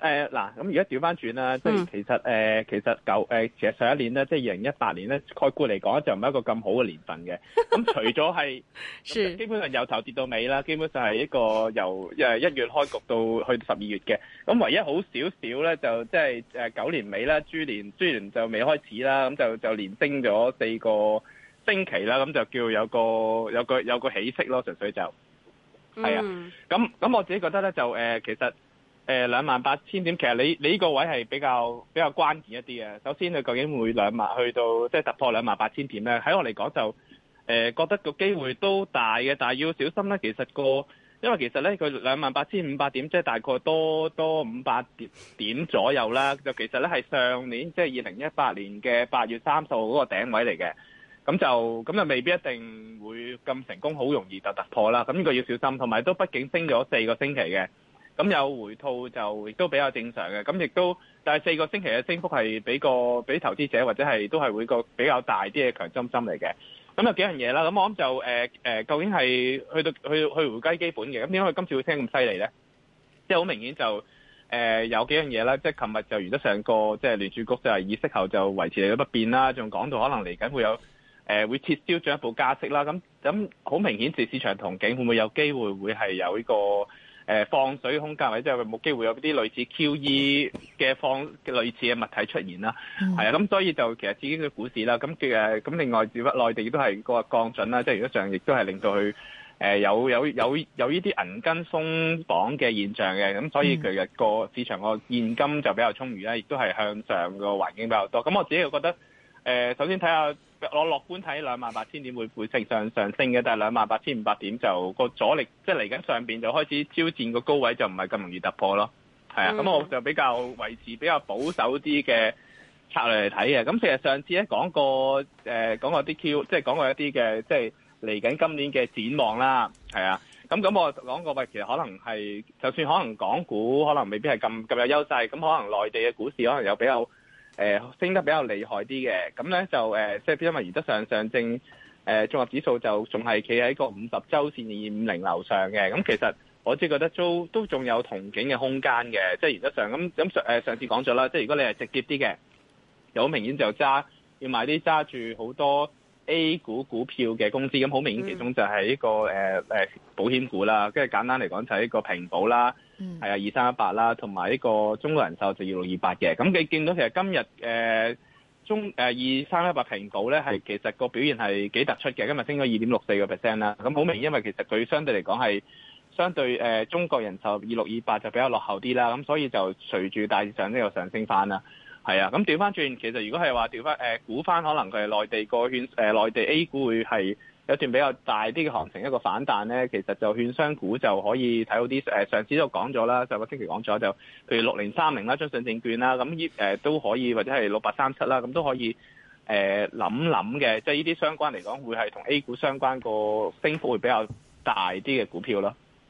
誒，嗱、呃，咁而家調翻轉啦，即係其實，誒、呃，其實舊，誒，其實上一年咧，即係二零一八年咧，概估嚟講就唔係一個咁好嘅年份嘅。咁 除咗係，基本上由頭跌到尾啦，基本上係一個由誒一月開局到去十二月嘅。咁唯一好少少咧，就即係九年尾啦，豬年豬年就未開始啦，咁就就連升咗四個星期啦，咁就叫有個有個有個起色咯，純粹就係啊。咁咁 我自己覺得咧，就、呃、其實。誒兩萬八千點，其實你你呢個位係比較比較關鍵一啲嘅。首先佢究竟會兩萬去到即係、就是、突破兩萬八千點咧？喺我嚟講就誒、呃、覺得個機會都大嘅，但係要小心呢，其實個因為其實咧佢兩萬八千五百點即係、就是、大概多多五百點左右啦。就其實咧係上年即係二零一八年嘅八月三十號嗰個頂位嚟嘅，咁就咁就未必一定會咁成功，好容易就突，突破啦。咁呢個要小心，同埋都畢竟升咗四個星期嘅。咁有回吐就亦都比較正常嘅，咁亦都但係四個星期嘅升幅係比個比投資者或者係都係會個比較大啲嘅強心針嚟嘅。咁有幾樣嘢啦，咁我諗就誒、呃呃、究竟係去到去去回歸基本嘅，咁點解佢今次會升咁犀利咧？即係好明顯就誒、呃、有幾樣嘢啦，即係琴日就如得上個即係聯儲局就係議息後就維持利率不變啦，仲講到可能嚟緊會有誒、呃、會撤銷進一步加息啦。咁咁好明顯是市場同境會唔會有機會會係有呢個？誒放水空間，或者係佢冇機會有啲類似 QE 嘅放類似嘅物體出現啦。係啊、嗯，咁所以就其實自己嘅股市啦。咁嘅咁另外，至於內地亦都係個降準啦，即係如果上亦都係令到佢誒有有有有呢啲銀根鬆綁嘅現象嘅。咁所以佢嘅個市場個現金就比較充裕啦，亦都係向上個環境比較多。咁我自己又覺得。誒，首先睇下，我樂觀睇兩萬八千點會唔會升上上升嘅，但係兩萬八千五百點就個阻力，即係嚟緊上面就開始招戰個高位，就唔係咁容易突破咯。係啊，咁我就比較維持比較保守啲嘅策略嚟睇嘅。咁其實上次咧講過，誒講過啲 Q 即係講過一啲嘅，即係嚟緊今年嘅展望啦。係啊，咁咁我講過，喂，其實可能係，就算可能港股可能未必係咁咁有優勢，咁可能內地嘅股市可能有比較。誒升得比較厲害啲嘅，咁咧就誒，即係因為而得上上證誒綜合指數就仲係企喺個五十周線二五零樓上嘅，咁其實我只覺得都都仲有同景嘅空間嘅，就是，即係原則上咁咁上次講咗啦，即係如果你係直接啲嘅，有好明顯就揸要買啲揸住好多 A 股股票嘅公司，咁好明顯其中就係一個誒保險股啦，跟住簡單嚟講就係一個平保啦。嗯，係啊，二三一八啦，同埋呢個中國人壽就二六二八嘅。咁你見到其實今日誒中誒二三一八平保咧，係其實個表現係幾突出嘅，今日升咗二點六四個 percent 啦。咁好明顯，因為其實佢相對嚟講係相對誒中國人壽二六二八就比較落後啲啦。咁所以就隨住大市上呢個上升翻啦。係啊，咁調翻轉，其實如果係話調翻誒估翻，可能佢係內地個券誒內地 A 股會係。有段比較大啲嘅行情，一個反彈咧，其實就券商股就可以睇到啲誒，上次都講咗啦，上個星期講咗就，譬如六零三零啦、中信證券啦，咁呢誒都可以，或者係六八三七啦，咁都可以誒諗諗嘅，即係呢啲相關嚟講，會係同 A 股相關的個升幅會比較大啲嘅股票咯。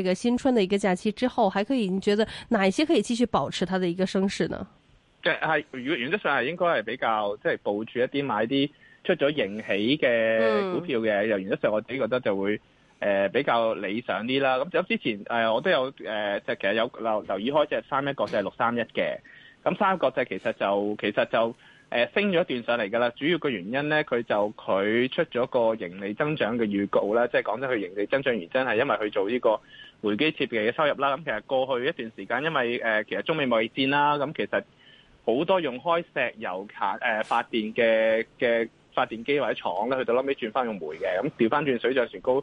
呢個新春嘅一個假期之後，還可以你覺得哪一些可以繼續保持它的一個升勢呢？即係係，原原則上係應該係比較即係、就是、部署一啲買啲出咗盈喜嘅股票嘅，由、嗯、原則上我自己覺得就會誒、呃、比較理想啲啦。咁、嗯、就之前誒、呃、我都有誒即係其實有留留意開隻三一國際六三一嘅，咁三一國際其實就其實就誒、呃、升咗一段上嚟噶啦。主要嘅原因咧，佢就佢出咗個盈利增長嘅預告啦，即係講真佢盈利增長原因係因為佢做呢、這個。煤機設備嘅收入啦，咁其實過去一段時間，因為誒其實中美貿易戰啦，咁其實好多用開石油卡誒發電嘅嘅發電機或者廠咧，去到後尾轉翻用煤嘅，咁調翻轉水漲船高，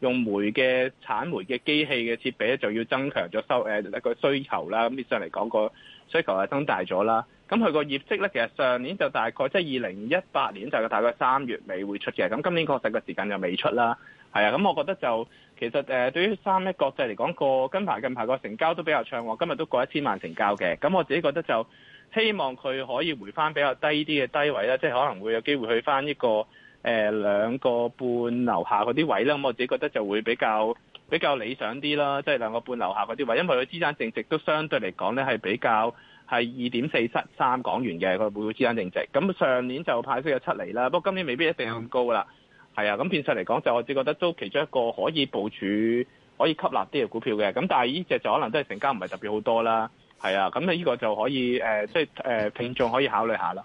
用煤嘅產煤嘅機器嘅設備咧，就要增強咗收誒一個需求啦。咁上嚟講個需求係增大咗啦。咁佢個業績咧，其實上年就大概即係二零一八年就大概三月尾會出嘅。咁今年確實個時間就未出啦。係啊，咁我覺得就其實誒對於三一國際嚟講，個近排近排個成交都比較暢旺，今日都過一千萬成交嘅。咁我自己覺得就希望佢可以回翻比較低啲嘅低位啦，即係可能會有機會去翻一個誒兩個半樓下嗰啲位啦。咁我自己覺得就會比較比較理想啲啦，即係兩個半樓下嗰啲位，因為佢資產淨值都相對嚟講咧係比較。係二點四七三港元嘅個每股資產淨值，咁上年就派息有七厘啦，不過今年未必一定咁高啦。係啊、嗯，咁變相嚟講就我只覺得都其中一個可以部署、可以吸納啲嘅股票嘅，咁但係呢隻就可能都係成交唔係特別好多啦。係啊，咁呢個個就可以誒，即係誒，股眾可以考慮下啦。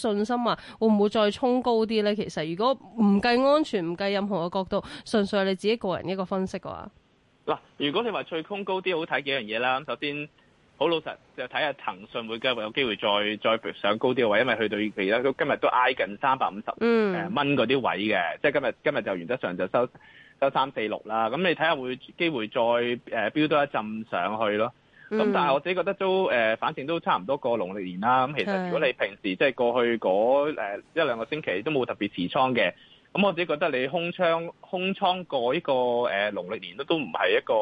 信心啊，會唔會再衝高啲咧？其實如果唔計安全、唔計任何嘅角度，純粹係你自己個人一個分析嘅話，嗱，如果你話再衝高啲，好睇幾樣嘢啦。首先，好老實就睇下騰訊會唔會有機會再再上高啲嘅位，因為去到而家今日都挨近三百五十蚊嗰啲位嘅，嗯、即係今日今日就原則上就收收三四六啦。咁你睇下會有機會再誒飆、呃、多一陣上去咯。咁、嗯、但係我自己覺得都誒、反正都差唔多過農曆年啦。咁其實如果你平時即係、就是、過去嗰一兩個星期都冇特別持倉嘅。咁、嗯、我自己覺得你空倉空倉過呢、這個誒、呃、農曆年都都唔係一個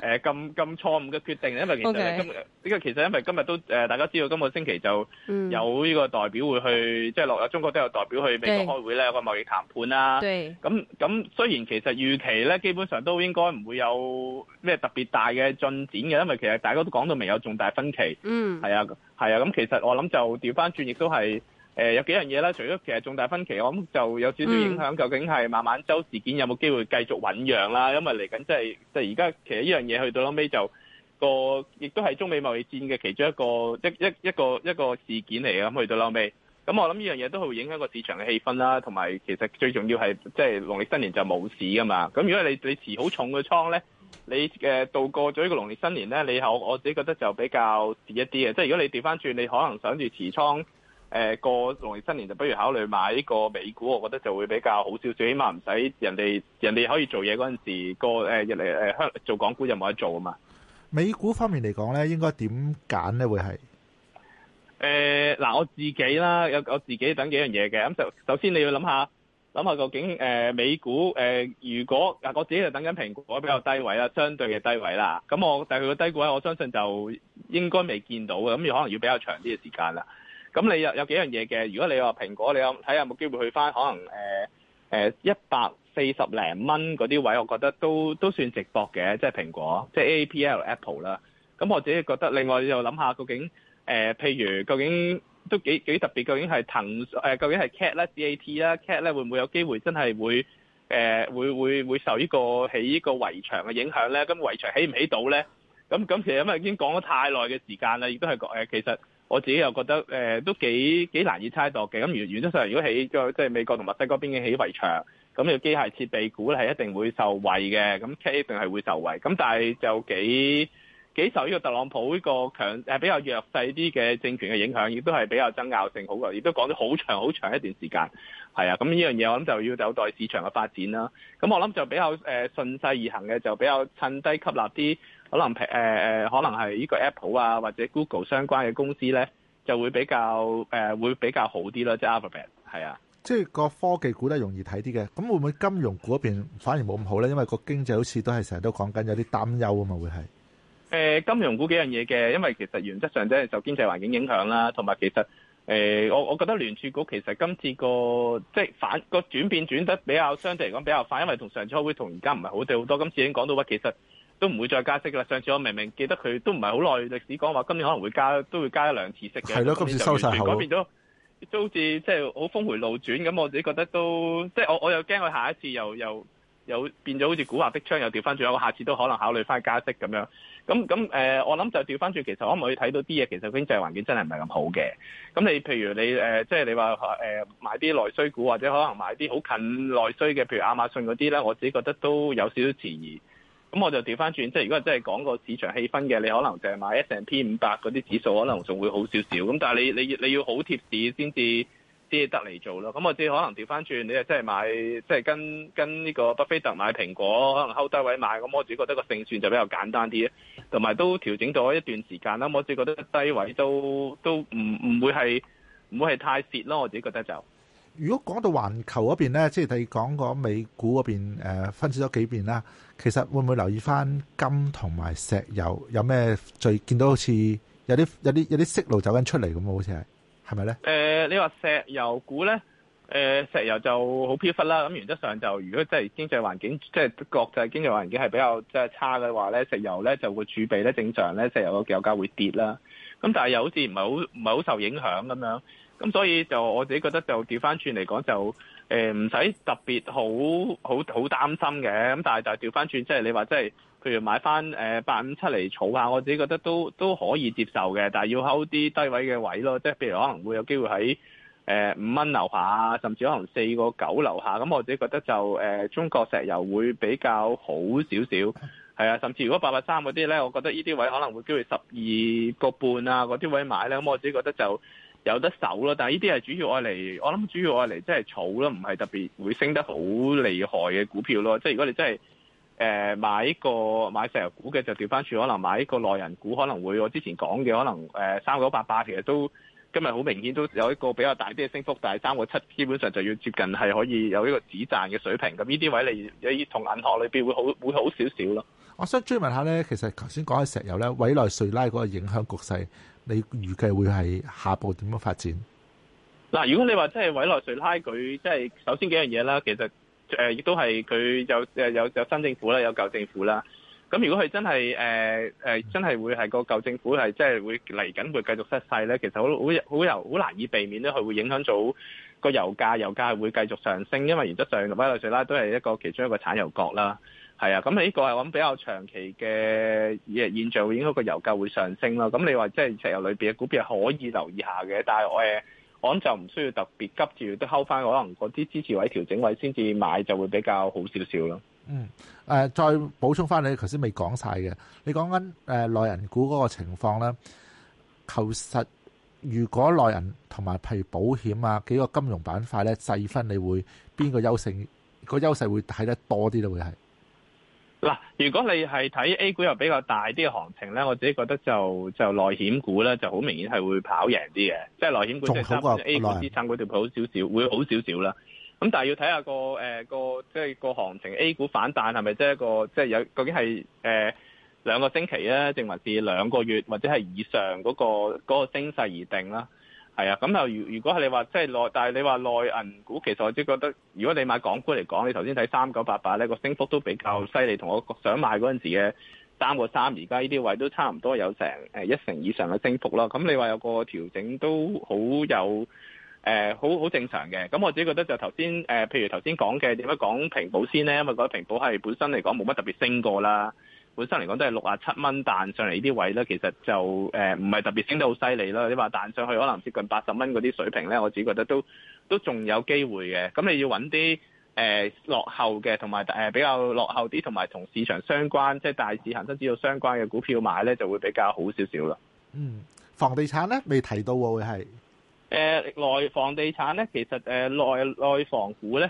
誒咁咁錯誤嘅決定，因為其實 Okay. 今，其實因為今日都、呃、大家知道今個星期就有呢個代表會去，嗯、即係落入中國都有代表去美國開會咧，對有個貿易談判啦。咁咁對雖然其實預期咧基本上都應該唔會有咩特別大嘅進展嘅，因為其實大家都講到未有重大分歧。嗯，係啊係啊，咁、啊嗯、其實我諗就調翻轉，亦都係。誒、呃、有幾樣嘢啦，除咗其實重大分歧，我諗就有少少影響。嗯、究竟係孟晚舟事件有冇機會繼續醖釀啦？因為嚟緊即係即係而家其實呢樣嘢去到後尾就個亦都係中美貿易戰嘅其中一個一一一,一個一個事件嚟嘅咁去到後尾。咁我諗呢樣嘢都係會影響個市場嘅氣氛啦，同埋其實最重要係即係農曆新年就冇市㗎嘛。咁如果你你持好重嘅倉咧，你誒渡過咗呢個農曆新年咧，你好我，我自己覺得就比較跌一啲嘅。即係如果你調返轉，你可能想住持倉。誒，過農曆新年就不如考慮買呢個美股，我覺得就會比較好少少，起碼唔使人哋人哋可以做嘢嗰陣時候，個誒，越嚟誒香做港股就冇得做啊嘛。美股方面嚟講咧，應該點揀咧？會係誒，嗱，我自己啦，有我自己等幾樣嘢嘅。咁首首先你要諗下，諗下究竟誒、呃、美股誒、呃，如果嗱，我自己就等緊蘋果比較低位啦，相對嘅低位啦。咁我但係佢個低股位，我相信就應該未見到嘅，咁要可能要比較長啲嘅時間啦。咁你有有幾樣嘢嘅？如果你話蘋果，你有睇有冇機會去返可能誒誒一百四十零蚊嗰啲位，我覺得都都算值博嘅，即係蘋果，即係 A A P L Apple 啦。咁我自己覺得，另外又諗下究竟誒，譬如究竟都幾幾特別，究竟係騰誒，究竟係 CAT 啦，C A T 啦，CAT 咧會唔會有機會真係會誒，會會會受呢個起呢個圍牆嘅影響咧？咁圍牆起唔起到咧？咁咁其實因為已經講咗太耐嘅時間啦，亦都係誒其實。我自己又覺得誒、呃、都幾幾難以猜度嘅。咁原則上，如果起即係美國同墨西哥邊嘅起圍牆，咁呢個機械設備股咧係一定會受惠嘅。咁 K 一定係會受惠。咁但係就幾幾受呢個特朗普呢個強誒比較弱勢啲嘅政權嘅影響，亦都係比較爭拗性好嘅，亦都講咗好長好長一段時間。係啊，咁呢樣嘢我諗就要有待市場嘅發展啦。咁我諗就比較誒順勢而行嘅，就比較趁低吸納啲。可能平、呃、可能係呢個 Apple 啊或者 Google 相關嘅公司咧，就會比較誒、呃、會比較好啲咯，就是、phabet，是即係 Alphabet 係啊。即係個科技股呢，容易睇啲嘅。咁會唔會金融股嗰邊反而冇咁好咧？因為個經濟好似都係成日都講緊有啲擔憂啊嘛，會係。誒、呃，金融股幾樣嘢嘅，因為其實原則上即係受經濟環境影響啦，同埋其實誒，我、呃、我覺得聯儲局，其實今次個即係反個轉變轉得比較相對嚟講比較快，因為同上初會同而家唔係好地好多。今次已經講到話，其實。都唔會再加息㗎啦！上次我明明記得佢都唔係好耐歷史講話，今年可能會加，都會加一兩次息嘅。係咯了，今次收曬改變咗都好似即係好峰回路轉咁，我自己覺得都即係我我又驚佢下一次又又又變咗好似古惑的槍又調返轉，我下次都可能考慮返加息咁樣。咁咁誒，我諗就調返轉，其實可唔可以睇到啲嘢？其實經濟環境真係唔係咁好嘅。咁你譬如你誒、呃，即係你話誒、呃、買啲內需股，或者可能買啲好近內需嘅，譬如亞馬遜嗰啲咧，我自己覺得都有少少遲疑。咁我就調翻轉，即係如果真係講個市場氣氛嘅，你可能就係買 S&P 五百嗰啲指數，可能仲會好少少。咁但係你你你要好貼士先至啲得嚟做咯。咁我只可能調翻轉，你啊真係買，即係跟跟呢個巴菲特買蘋果，可能 hold 低位買。咁我自己覺得個勝算就比較簡單啲同埋都調整咗一段時間啦。我自己覺得低位都都唔唔會係唔會係太蝕咯。我自己覺得就。如果講到環球嗰邊咧，即係第二講講美股嗰邊，呃，分析咗幾遍啦。其實會唔會留意返金同埋石油，有咩最見到好似有啲有啲有啲息路走緊出嚟咁，好似係係咪咧？誒、呃，你話石油股咧，誒、呃、石油就好飄忽啦。咁原則上就如果即係經濟環境，即係國際經濟環境係比較即係差嘅話咧，石油咧就會儲備咧，正常咧石油嘅油價會跌啦。咁但係又好似唔係好唔係好受影響咁樣。咁所以就我自己覺得就調翻轉嚟講就誒唔使特別好好好擔心嘅，咁但係就調翻轉即係你話即係譬如買翻誒八五七嚟儲下，我自己覺得都都可以接受嘅，但係要喺啲低位嘅位咯，即係譬如可能會有機會喺誒五蚊樓下，甚至可能四個九樓下，咁我自己覺得就誒中國石油會比較好少少，係啊，甚至如果八八三嗰啲咧，我覺得呢啲位可能會機會十二個半啊嗰啲位買咧，咁我自己覺得就。有得守咯，但係呢啲係主要愛嚟，我諗主要愛嚟，即係炒咯，唔係特別會升得好厲害嘅股票咯。即係如果你真係誒、呃、買個買石油股嘅，就調翻轉可能買一個內人股，可能會我之前講嘅，可能誒三個八八其實都今日好明顯都有一個比較大啲嘅升幅，但係三個七基本上就要接近係可以有一個止賺嘅水平咁。呢啲位你你同銀行裏邊會好會好少少咯。我想追問下咧，其實頭先講起石油咧，委內瑞拉嗰個影響局勢。你預計會係下步點樣發展？嗱，如果你話即係委內瑞拉，佢即係首先幾樣嘢啦，其實誒亦都係佢有誒有有新政府啦，有舊政府啦。咁如果佢真係誒誒真係會係個舊政府係即係會嚟緊會繼續失勢咧，其實好好好由好難以避免咧，佢會影響到個油價，油價會繼續上升，因為原則上委內瑞拉都係一個其中一個產油國啦，係啊，咁呢個係我諗比較長期嘅嘢現象，會影響個油價會上升咯。咁你話即係石油裏邊嘅股票可以留意下嘅，但係我誒，我諗就唔需要特別急住都溝翻，可能嗰啲支持位、調整位先至買，就會比較好少少咯。嗯，誒、呃，再補充翻你頭先未講晒嘅，你講緊誒內銀股嗰個情況咧，其實如果內銀同埋譬如保險啊幾個金融板塊咧，細分你會邊個優勢、那個優勢會睇得多啲都會係？嗱，如果你係睇 A 股又比較大啲嘅行情咧，我自己覺得就就內險股咧就好明顯係會跑贏啲嘅，即係內險股即係相比 A 股資產嗰條好少少，會好少少啦。咁但係要睇下個誒、呃、個即係個行情，A 股反彈係咪即係一個即係有究竟係誒、呃、兩個星期咧，定還是兩個月或者係以上嗰、那個嗰、那個升勢而定啦。係啊，咁又如如果係你話即係內，但係你話內銀股，其實我只覺得，如果你買港股嚟講，你頭先睇三九八八咧個升幅都比較犀利，同我想買嗰陣時嘅三個三，而家呢啲位都差唔多有成一成以上嘅升幅啦。咁你話有個調整都好有誒好好正常嘅。咁我自己覺得就頭先、呃、譬如頭先講嘅點解講平保先咧，因為覺得平保係本身嚟講冇乜特別升過啦。本身嚟講都係六啊七蚊彈上嚟呢啲位咧，其實就誒唔係特別升得好犀利啦。你話彈上去可能接近八十蚊嗰啲水平咧，我自己覺得都都仲有機會嘅。咁你要揾啲誒落後嘅同埋誒比較落後啲同埋同市場相關，即係大市恒生指數相關嘅股票買咧，就會比較好少少啦。嗯，房地產咧，未提到喎，會係誒內房地產咧，其實誒呃內內房股咧。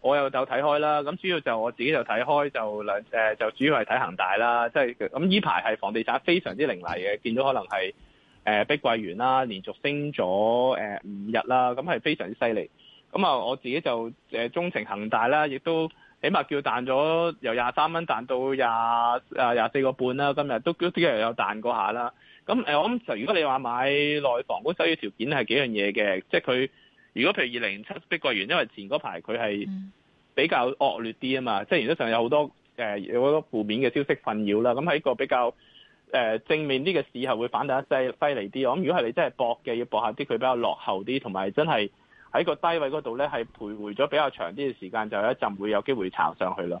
我又就睇開啦，咁主要就我自己就睇開就兩誒，就主要係睇恒大啦，即係咁依排係房地產非常之凌厲嘅，見到可能係誒碧桂園啦，連續升咗誒五日啦，咁係非常之犀利。咁啊，我自己就誒鍾情恒大啦，亦都起碼叫彈咗由廿三蚊彈到廿啊廿四個半啦，今日都都啲有彈過下啦。咁誒，我諗就如果你話買內房，個首要條件係幾樣嘢嘅，即係佢。如果譬如二零七碧桂園，因為前排佢係比較惡劣啲啊嘛，即係原則上有好多誒有好多負面嘅消息困擾啦，咁喺個比較誒正面啲嘅時候會反彈得犀犀利啲。我諗如果係你真係搏嘅，要搏下啲佢比較落後啲，同埋真係喺個低位度咧，係徘徊咗比較長啲嘅時間就有一陣會有機會炒上去咯。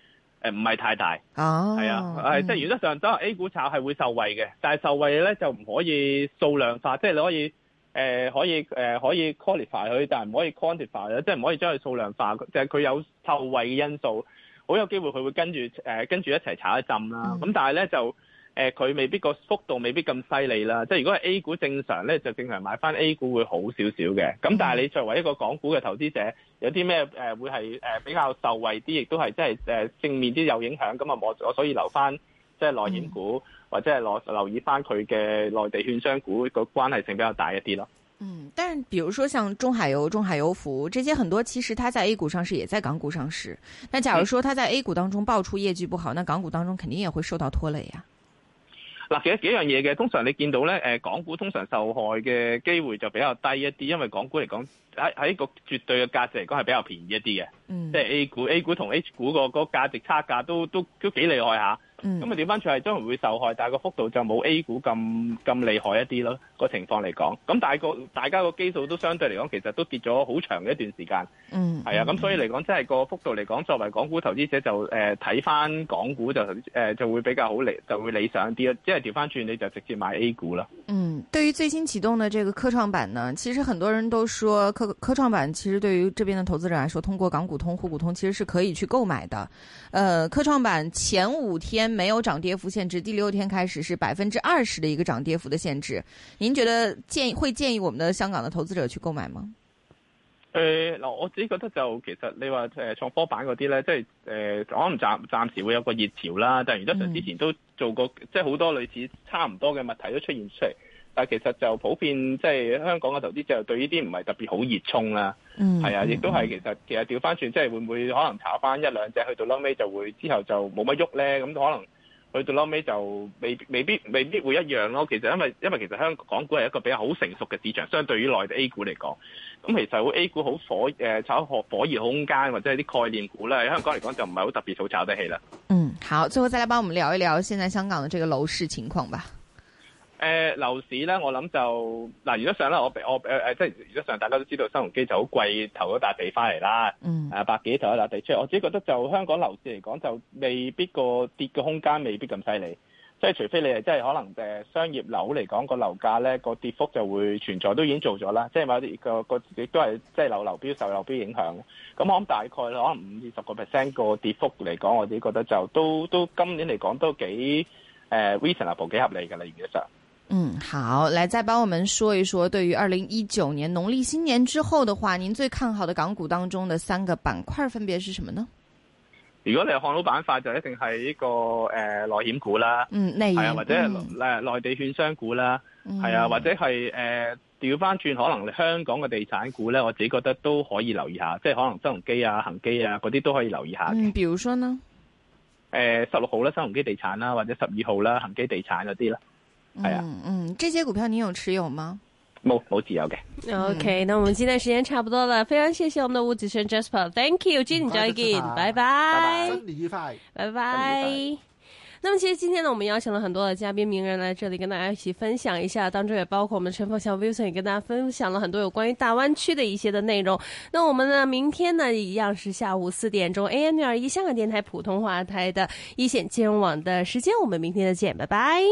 誒唔係太大哦，係啊的，係即係原則上都 A 股炒係會受惠嘅，但係受惠咧就唔可以數量化，即、就、係、是、你可以誒、呃、可以誒、呃、可以 qualify 佢，但係唔可以 quantify 即係唔可以將佢數量化，就係、是、佢有受惠嘅因素，好有機會佢會跟住、呃、跟住一齊炒一浸啦。咁、嗯、但係咧就。誒佢、呃、未必個幅度未必咁犀利啦，即係如果係 A 股正常咧，就正常買翻 A 股會好少少嘅。咁但係你作為一個港股嘅投資者，有啲咩誒會係誒、呃、比較受惠啲，亦都係即係正面啲有影響。咁啊，我我所以留翻即係內銀股或者係攞留意翻佢嘅內地券商股個關係性比較大一啲咯。嗯，但係比如說像中海油、中海油服這些，很多其實它在 A 股上市，也在港股上市。那假如說它在 A 股當中爆出業績不好，那港股當中肯定也會受到拖累啊。嗱，其幾樣嘢嘅，通常你見到咧，誒，港股通常受害嘅機會就比較低一啲，因為港股嚟講喺喺個絕對嘅價值嚟講係比較便宜一啲嘅，嗯，即係 A 股，A 股同 H 股個、嗰個價值差價都都都幾厲害吓。咁啊，調翻轉係都唔會受害，但係個幅度就冇 A 股咁咁厲害一啲咯，個情況嚟講。咁但係個大家個基數都相對嚟講，其實都跌咗好長嘅一段時間。嗯，係啊，咁所以嚟講，即係個幅度嚟講，作為港股投資者就誒睇翻港股就誒、呃、就會比較好理，就會理想啲咯。即係調翻轉你就直接買 A 股啦。嗯，對於最新啟動的這個科創板呢，其實很多人都說科科創板其實對於這邊的投資者來說，通過港股通、滬股通其實是可以去購買的。呃，科創板前五天，沒有漲跌幅限制，第六天開始是百分之二十的一個漲跌幅的限制。您覺得建議會建議我們的香港的投資者去購買嗎？誒，嗱，我自己覺得就其實你話誒，創、呃、科板嗰啲咧，即係誒，可能暫暫時會有個熱潮啦。但係實際上之前都做過，即係好多類似差唔多嘅問題都出現出嚟。但其實就普遍即係、就是、香港嘅投資就對呢啲唔係特別好熱衷啦，係、嗯、啊，亦都係其實其實調翻轉即係會唔會可能炒翻一兩隻去到後尾就會之後就冇乜喐咧？咁可能去到後尾就未必未必未必會一樣咯。其實因為因為其實香港股係一個比較好成熟嘅市場，相對於內地 A 股嚟講，咁其實 A 股好火誒炒火熱空間或者係啲概念股咧，香港嚟講就唔係好特別好炒得起啦。嗯，好，最後再來幫我們聊一聊現在香港嘅這個樓市情況吧。誒、呃、樓市咧，我諗就嗱，啊、原則上咧，我我誒即係原則上，大家都知道新鴻基就好貴，投咗笪地翻嚟啦，誒、嗯啊、百幾投咗笪地出嚟。我自己覺得就香港樓市嚟講，就未必個跌嘅空間未必咁犀利，即、就、係、是、除非你係即係可能誒商業樓嚟講，個樓價咧個跌幅就會存在，都已經做咗啦。即、就、係、是、某啲個自己都係即係樓樓標受樓標影響。咁我諗大概可能五至十個 percent 個跌幅嚟講，我自己覺得就都都今年嚟講都幾 reasonable、呃、幾合理㗎啦，原則上。嗯，好，來再幫我們說一說，對於二零一九年農曆新年之後的話，您最看好的港股當中的三個板塊分別是什麼呢？如果你看好板塊就一定係呢個誒內險股啦，嗯，係啊，或者誒內地券商股啦，係、呃、啊，或者係誒調翻轉可能香港嘅地產股咧，我自己覺得都可以留意下，即、就、係、是、可能新鴻基啊、恒基啊嗰啲都可以留意下。嗯，比如說呢？誒、呃，十六號啦，新鴻基地產啦，或者十二號啦，恒基地產嗰啲啦。哎、嗯嗯，這些股票你有持有嗎？冇冇持有嘅。OK，, okay、嗯、那我們今天的時間差不多了，非常謝謝我們的吳子軒謝、Jasper，Thank you，Jenny Joy again，拜拜。新年愉快，拜拜。那麼其實今天呢，我們邀請了很多的嘉賓名人來這裡跟大家一起分享一下，當中也包括我們陳鳳翔 Wilson 也跟大家分享了很多有關於大灣區的一些的內容。那我們呢，明天呢一樣是下午四點鐘 AM r 一香港電台普通話台的一線金融網的時間，我們明天再見，拜拜。